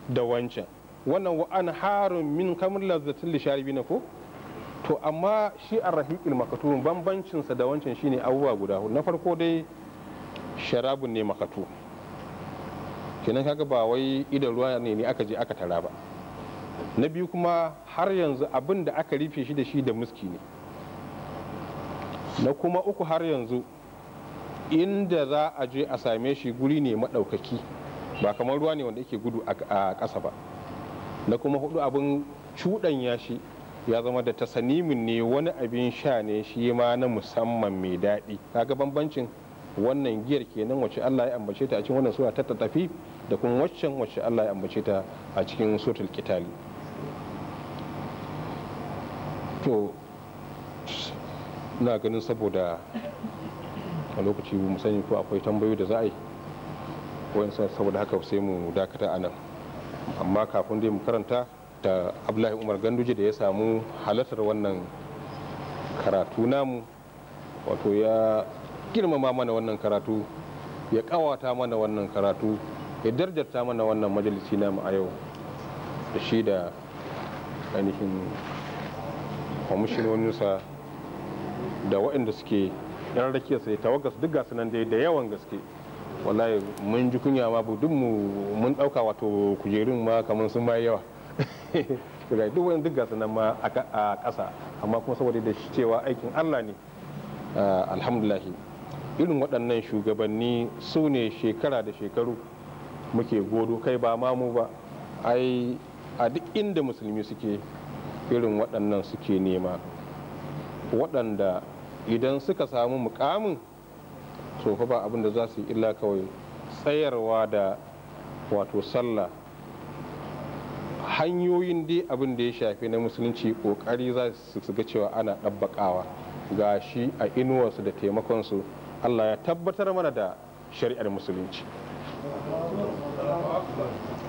S2: da wancan wannan an harun min kamar lazzatin lisharibi na ko to amma shi a rahiƙil makatun bambancinsa da wancan shine abubuwa guda na farko dai sharabun ne makatu kenan kaga ba wai idan ruwa ne ne aka je aka tara ba na biyu kuma har yanzu abin da aka rufe shi da shi da muski ne na kuma uku har yanzu inda za a je a same shi guri ne maɗaukaki ba kamar ruwa ne wanda yake gudu a ƙasa ba na kuma hudu abin cuɗan shi ya zama da tasanimin ne wani abin sha ne shi ma na musamman mai daɗi kaga bambancin wannan giyar kenan wacce Allah ya ambace ta a cikin wannan sura ta tafi da kuma waccan wacce Allah ya ambace ta a cikin suratul kitali to na ganin saboda a lokaci mu sani ko akwai tambayoyi da za a yi wayansu saboda haka sai mu dakata a nan amma kafin dai mu karanta da ablahi umar ganduje da ya samu halartar wannan karatu namu wato ya girmama mana wannan karatu ya kawata mana wannan karatu ya darjarta mana wannan majalisi namu a yau da shi da ainihin kwamishinoninsa da waɗanda suke yan rake sai tawagas duk gasu nan da yawan gaske wallahi mun ji kunya ma duk mu mun ɗauka wato kujerun ma kamar sun bayi yawa duk wani duk gasu nan ma a ƙasa amma kuma saboda da cewa aikin allah ne alhamdulahi irin waɗannan shugabanni su ne shekara da shekaru muke godo kai ba mamu ba ai a duk inda musulmi suke irin waɗannan suke nema waɗanda idan suka samu mukamin tsofa ba abin za su yi illa kawai tsayarwa da wato sallah hanyoyin dai abinda ya shafi na musulunci kokari za su ga cewa ana ɗabbaƙawa ga shi a inuwarsu da taimakonsu allah ya tabbatar mana da shari'ar musulunci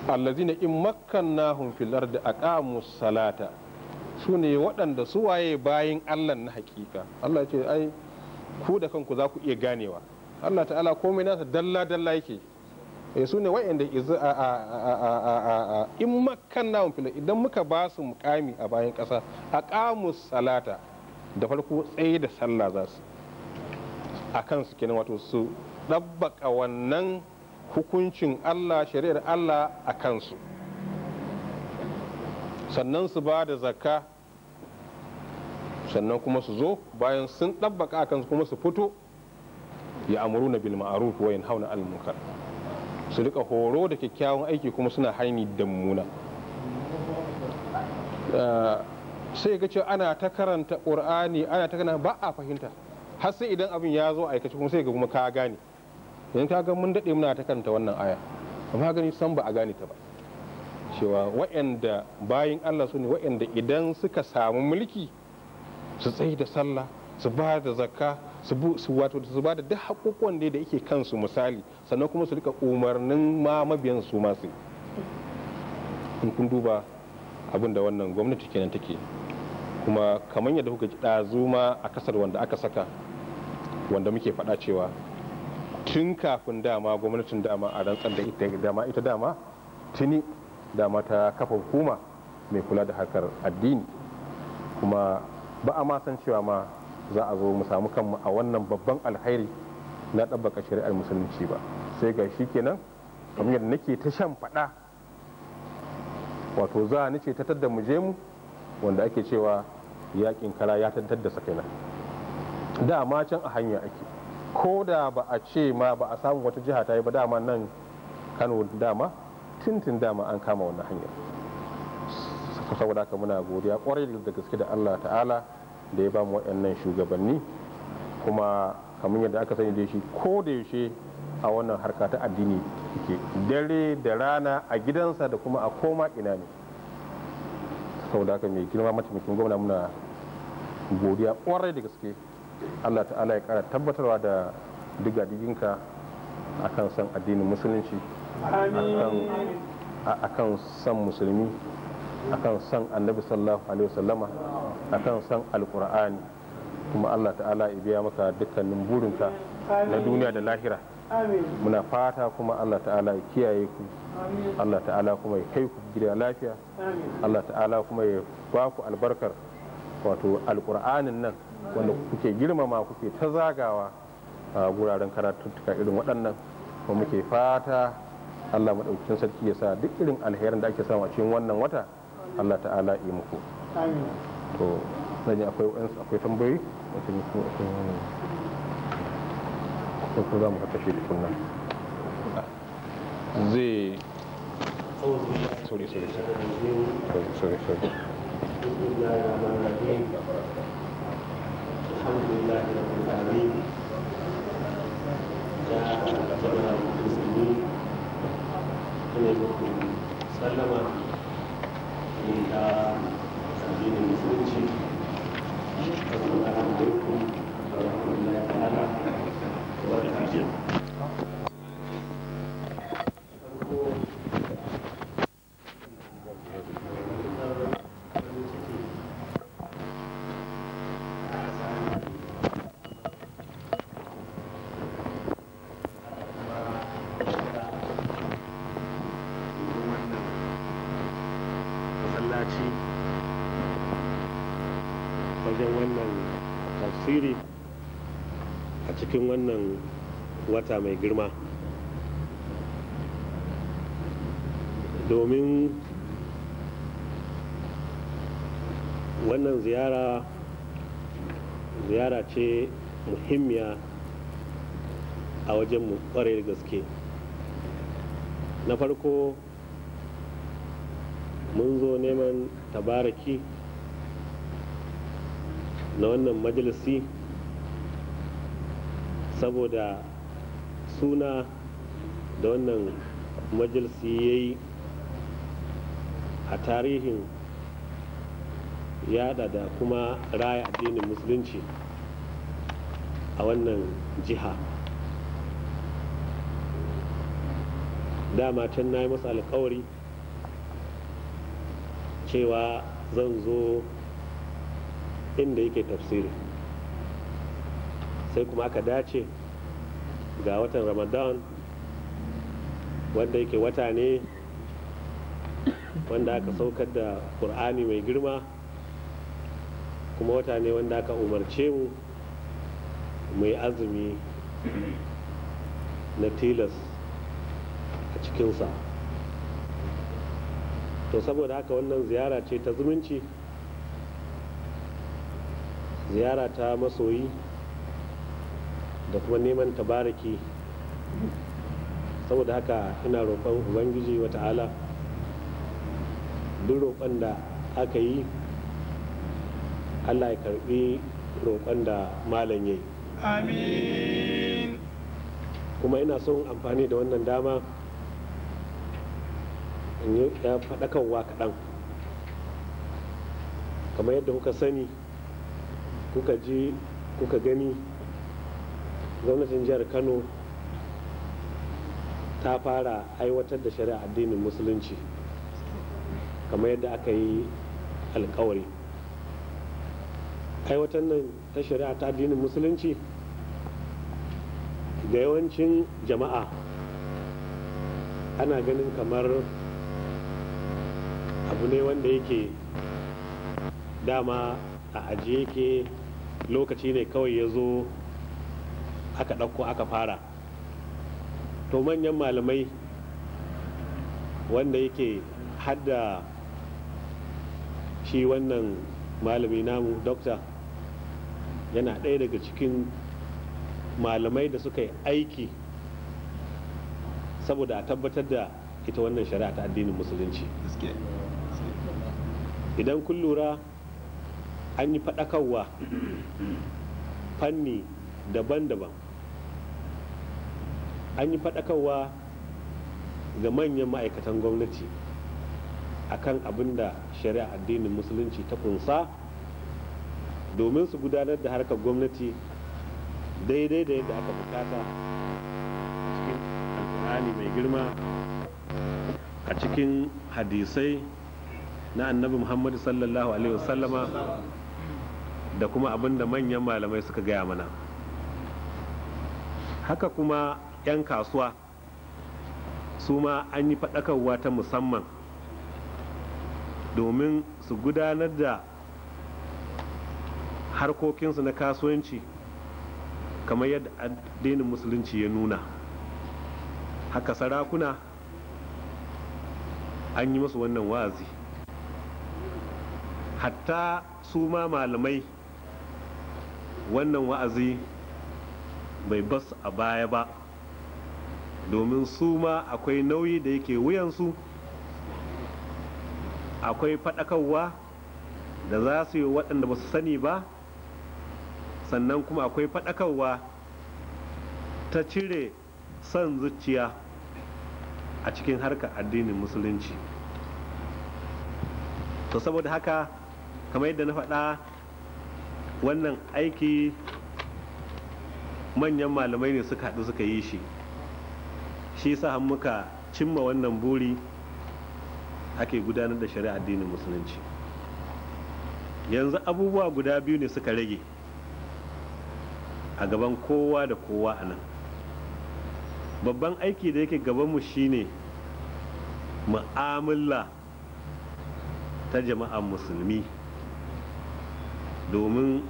S2: allazina in makkannahum fil ardi aqamu salata su ne waɗanda su waye bayan allah na hakika allah ce ai ku da kanku za ku iya ganewa allah ta'ala komai nasa dalla dalla yake e su ne wa'anda in makan namun fila idan muka ba su mukami a bayan ƙasa aqamus salata da farko tsaye da sallah za su a su kenan wato su ɗabbaka wannan hukuncin allah shari'ar allah a kansu sannan su ba da zakka sannan kuma su zo bayan sun ɗabbaka kansu kuma su fito ya amuru na bil ma'aruf wa hau na munkar su rika horo da kyakkyawan aiki kuma suna haini da mummuna eh, sai ga cewa ana ta karanta qur'ani ana ta karanta ba a fahimta har sai idan abin ya zo aikace kuma sai ga kuma ka gane idan ka ga mun daɗe muna ta karanta wannan aya amma gani san ba a gane ta ba cewa waɗanda bayan Allah su ne waɗanda idan suka samu mulki su tsaye da sallah su ba da zakka su wato su ba da duk haƙoƙon da yake kansu misali sannan kuma su rika umarnin ma mabiyan su masu in kun duba abin da wannan gwamnati kenan take kuma kamar yadda kuka ji ɗazu ma a kasar wanda aka saka wanda muke faɗa cewa tun kafin dama gwamnatin dama a rantsar da ita dama tuni dama ta kafa hukuma mai kula da harkar addini kuma ba a ma san cewa ma za a zo mu samu kanmu a wannan babban alhairi na ɗabbaka shari'ar musulunci ba sai ga shi kenan kamar yadda nake ta shan faɗa wato za ni ce ta tadda mu mu wanda ake cewa yaƙin kara ya tantar da sakina dama can a hanya ake ko da ba a ce ma ba a samu wata jiha ta yi ba dama nan kano dama tintin dama an kama wannan hanyar saboda haka muna godiya kwarai da gaske da allah ta'ala da ya ba bamu waɗannan shugabanni kuma kamar yadda aka sani da shi ko da yaushe a wannan harka ta addini ke dare da rana a gidansa da kuma a koma ina ne saboda haka mai girma mataimakin gwamna muna godiya kwarai da gaske allah ta'ala ya kara tabbatarwa da digadiginka a kan san addinin musulunci akan san musulmi akan san annabi sallallahu alaihi wasallama akan san alkur'ani kuma allah ta'ala ya biya maka dukkanin burinka na duniya da lahira muna fata kuma allah ta'ala ya kiyaye ku allah ta'ala kuma ya kai ku gida lafiya allah ta'ala kuma ya ba ku albarkar wato alkur'anin nan wanda kuke girmama kuke ta zagawa a guraren karatuttuka irin waɗannan kuma muke fata Allah maɗaukakin sarki ya sa duk irin alheran da ake samu a cikin wannan wata Allah ta'ala yi muku to zan yi akwai akwai tambayi wata ne kuma wani ko ko za mu kashe shi kunna zai sorry sorry sorry sorry sorry
S3: ne muku sallama yin ta addinin musulunci assalamu alaikum wa rahmatullahi ta'ala wa barakatuh cikin wannan wata mai girma domin wannan ziyara ziyara ce muhimmiya a wajenmu kwarai da gaske na farko mun zo neman tabaraki na wannan majalisi saboda suna da wannan majalisi ya yi a tarihin yada da kuma raya addinin musulunci a wannan jiha dama can na yi masa alkawari cewa zan zo inda yake tafsiri sai kuma aka dace ga watan ramadan wanda yake wata ne wanda aka saukar da ƙur'ani mai girma kuma wata ne wanda aka umarce mu mai azumi na tilas a cikinsa to saboda haka wannan ziyara ce ta zumunci ziyara ta masoyi da kuma neman tabaraki saboda haka ina roƙon ubangiji wata'ala duk roƙon da aka yi allah ya karbi roƙon da malam ya yi
S1: amin
S3: kuma ina son amfani da wannan dama in yi ya faɗakarwa kaɗan kamar yadda kuka sani kuka ji kuka gani gwamnatin jihar kano ta fara aiwatar da shari'a addinin musulunci kamar yadda aka yi alkawari aiwatar nan ta shari'a ta addinin musulunci ga yawancin jama'a ana ganin kamar abu ne wanda yake dama a ajiye yake lokaci ne kawai ya zo aka ɗauko aka fara to manyan malamai wanda yake hadda shi wannan malami namu dokta yana ɗaya daga cikin malamai da suka yi aiki saboda a tabbatar da ita wannan shari'a ta addinin musulunci idan kun lura an yi faɗakarwa fanni daban-daban an yi faɗakarwa ga manyan ma'aikatan gwamnati akan abin da shari'a addinin musulunci ta kunsa domin su gudanar da harkar gwamnati daidai da yadda aka bukata cikin alkurani mai girma a cikin hadisai na annabi muhammadu sallallahu alaihi wasallama da kuma abin da manyan malamai suka gaya mana haka kuma 'yan kasuwa su ma an yi faɗakarwa ta musamman domin su gudanar da harkokinsu na kasuwanci kamar yadda addinin musulunci ya nuna haka sarakuna an yi musu wannan wa'azi hatta su ma malamai wannan wa'azi bai basu a baya ba domin su ma akwai nauyi da yake wuyansu akwai faɗakarwa da za su yi waɗanda ba su sani ba sannan kuma akwai faɗakarwa ta cire son zuciya a cikin harkar addinin musulunci to saboda haka kamar yadda na faɗa wannan aiki manyan malamai ne suka haɗu suka yi shi shi sa muka cimma wannan buri ake gudanar da shari'a addinin musulunci yanzu abubuwa guda biyu ne suka rage a gaban kowa da kowa a nan babban aiki da yake gabanmu shine mu'amala ta jama'a musulmi domin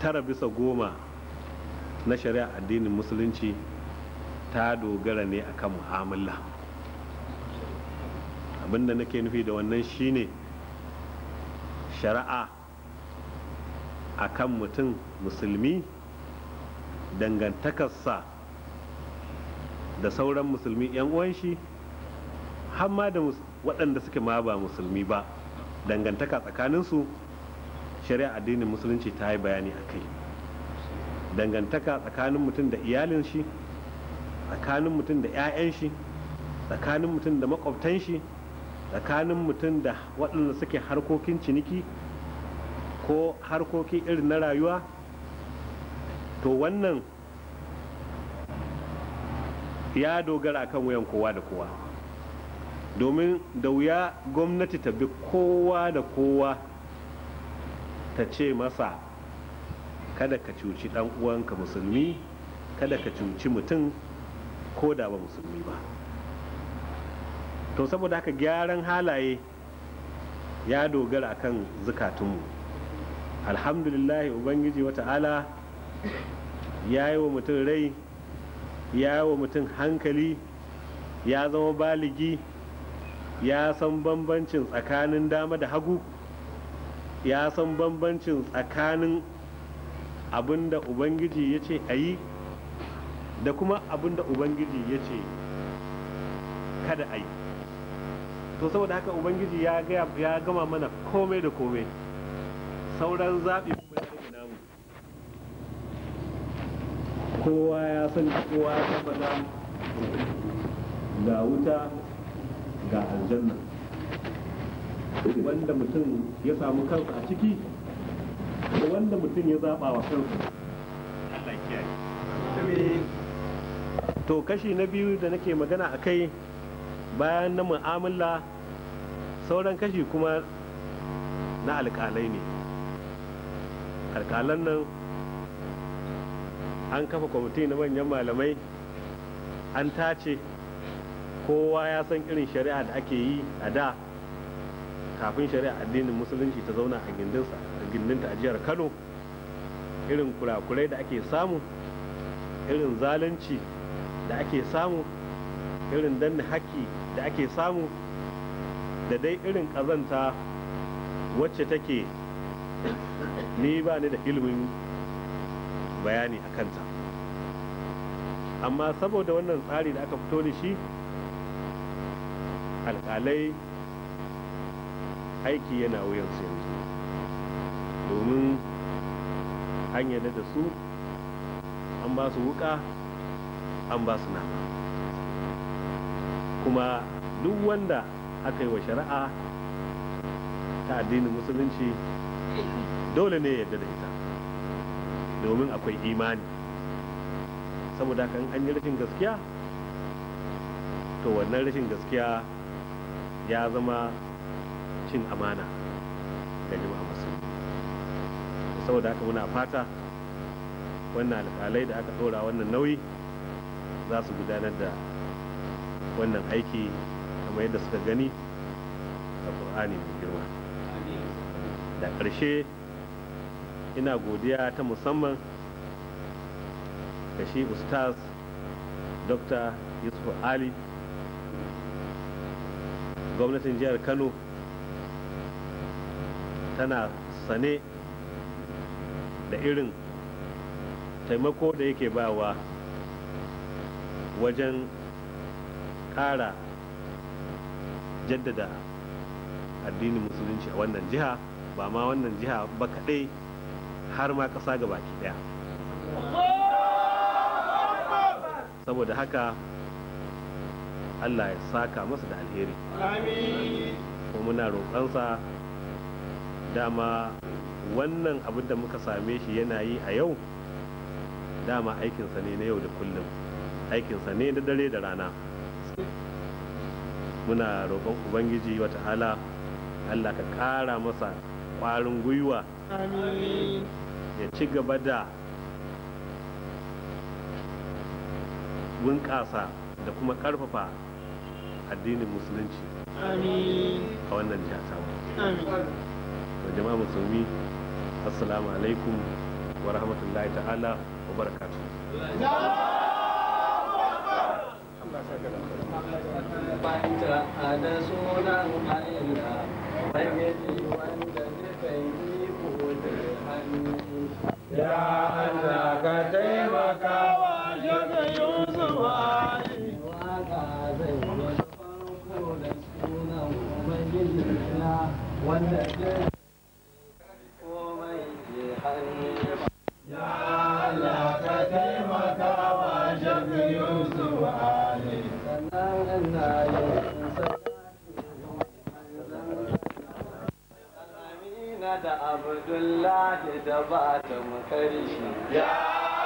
S3: tara bisa goma na shari'a addinin musulunci ta dogara ne akan mu'amala abinda nake nufi da wannan shine shari'a akan mutum musulmi dangantakarsa da sauran musulmi 'yan uwan shi hamma da waɗanda suke ma ba musulmi ba dangantaka tsakaninsu shari'a addinin musulunci ta yi bayani a kai dangantaka tsakanin mutum da iyalin shi tsakanin mutum da 'ya'yan shi tsakanin mutum da makwabtan shi tsakanin mutum da waɗanda suke harkokin ciniki ko harkokin irin na rayuwa to wannan ya dogara kan wuyan kowa da kowa domin da wuya gwamnati ta bi kowa da kowa ta ce masa kada ka cuci uwanka musulmi kada ka cuci mutum ko da ba musulmi ba to saboda haka gyaran halaye ya dogara akan zukatunmu alhamdulillahi ubangiji wata'ala ya yi wa mutum rai ya yi wa mutum hankali ya zama baligi ya san bambancin tsakanin dama da hagu ya san bambancin tsakanin abinda ubangiji ya ce a yi da kuma abin da ubangiji ya ce kada a yi to saboda haka ubangiji ya gama mana komai da komai sauran zaɓi kuma ya rage namu kowa ya san kowa ya tabbata ga wuta ga aljanna wanda mutum ya samu kansa a ciki wanda mutum ya zaɓa wa kansa to kashi na biyu da nake magana a kai bayan na mu'amala sauran kashi kuma na alkalai ne alkalan nan an kafa kwamiti na manyan malamai an tace kowa ya san irin shari'a da ake yi a da kafin shari'a addinin musulunci ta zauna a gindinta a jihar kano irin kurakurai da ake samu irin zalunci da ake samu irin danna haƙƙi da ake samu da dai irin ƙazanta wacce take ni ba ni da ilimin bayani a kanta amma saboda wannan tsari da aka fito da shi alƙalai aiki yana wuyan wuyansu yanzu domin an yarda da su an ba su wuƙa an ba su nama kuma duk wanda aka yi wa shari'a ta addinin musulunci dole ne yadda da ita domin akwai imani saboda kan an yi rashin gaskiya to wannan rashin gaskiya ya zama cin amana ga jama'a musulmi saboda haka muna fata wannan alƙalai da aka ɗora wannan nauyi za su gudanar da wannan aiki kamar yadda suka gani a ƙur'ani mai girma da ƙarshe ina godiya ta musamman ga shi ustaz dr yusuf ali gwamnatin jihar kano tana sane da irin taimako da yake bawa wajen kara jaddada addinin musulunci a wannan jiha ba ma wannan jiha ba kaɗai har ma ƙasa ga baki ɗaya saboda haka allah ya saka masa da alheri kuma muna roƙonsa dama wannan abin da muka same shi yana yi a yau dama aikinsa ne na yau da kullum aikinsa ne da dare da rana muna roƙon ubangiji wata hala allah ka ƙara masa ƙwarin gwiwa ya ci gaba da bunƙasa da kuma ƙarfafa addinin musulunci a wannan jata jama'a musulmi assalamu alaikum wa rahmatullahi ta'ala wa barakatu
S1: da sunan Allah Ubangiji wanda nufin iko da hannu. ka taimaka wa Waka zai yi farko sunan na wanda abdullahi da ba ta makarshi ya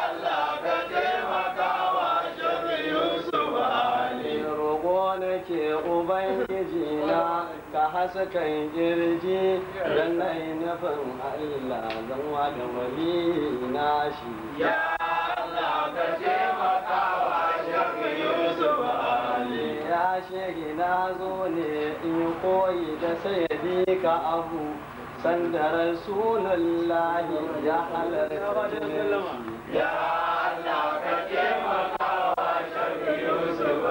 S1: Allah ka taimaka wa shafi yusuf ali rogo nake ubangiji na ka hasakan kirji dan nai nufin Allah zan wa da wali na shi ya Allah ka taimaka wa shafi yusuf ali ya shege na zo ne in koyi da sayyidi ka abu sanda rasulullahi ya halarci ya shafi Yusuf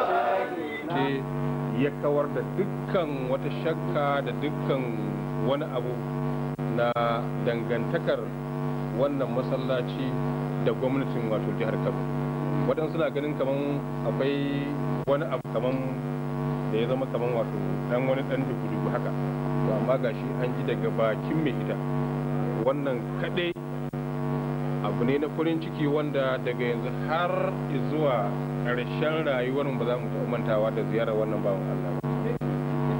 S2: ya kawar da dukkan wata shakka da dukkan wani abu na dangantakar wannan masallaci da gwamnatin wato jihar kano waɗansu suna ganin kaman akwai wani abu kaman da ya zama kaman wato dan wani ɗan dubu-dubu haka to amma gashi an ji daga bakin mai ita wannan kadai abu ne na farin ciki wanda daga yanzu har zuwa ƙarshen rayuwar ba za mu taɓa mantawa da ziyarar wannan bawan Allah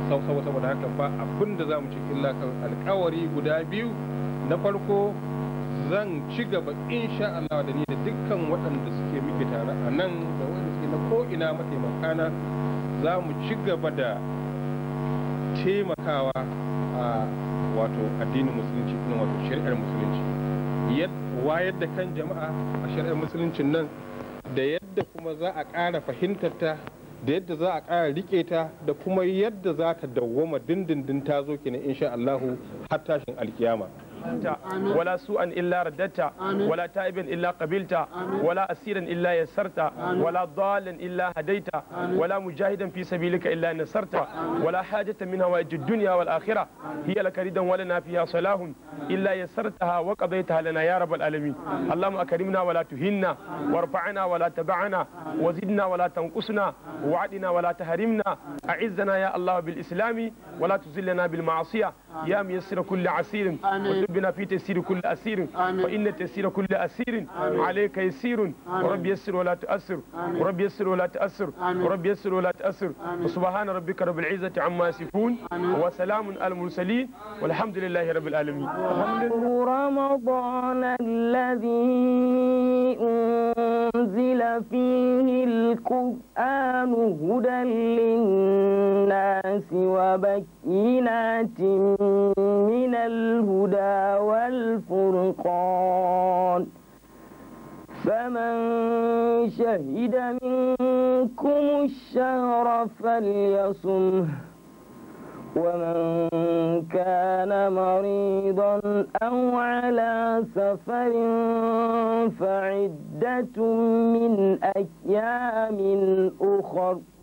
S2: sau sau saboda haka ba abin da za mu ci illa kan alkawari guda biyu na farko zan ci gaba insha Allah da ni da dukkan waɗanda suke miki tare a nan da waɗanda suke na ko ina mataimakana za mu ci gaba da taimakawa a wato addinin musulunci kuma wato shari'ar musulunci wayar da kan jama'a a shari'ar musulunci nan da yadda kuma za a ƙara fahimtarta da yadda za a ƙara riƙe ta da kuma yadda za ta dawwama dindindin ta zo kenan insha Allahu har tashin alkiyama أحسنت ولا سوءا إلا رددت ولا تائبا إلا قبلت ولا أسيرا إلا يسرت ولا ضالا إلا هديت ولا مجاهدا في سبيلك إلا نصرت ولا حاجة من هوائج الدنيا والآخرة هي لك ردا ولنا فيها صلاح إلا يسرتها وقضيتها لنا يا رب العالمين اللهم أكرمنا ولا تهنا وارفعنا ولا تبعنا وزدنا ولا تنقصنا وعدنا ولا تهرمنا أعزنا يا الله بالإسلام ولا تزلنا بالمعصية يا ميسر كل عسير وتب ربنا في تيسير كل أسير وإن تيسير كل أسير عليك يسير ورب يسر ولا تأسر ورب يسر ولا تأسر ورب يسر ولا تأسر وسبحان ربك رب العزة عما يصفون وسلام على المرسلين والحمد لله رب العالمين
S1: رمضان الذي أنزل فيه القرآن هدى للناس وبينات من الهدى والفرقان فمن شهد منكم الشهر فليصمه ومن كان مريضا أو على سفر فعدة من أيام أخر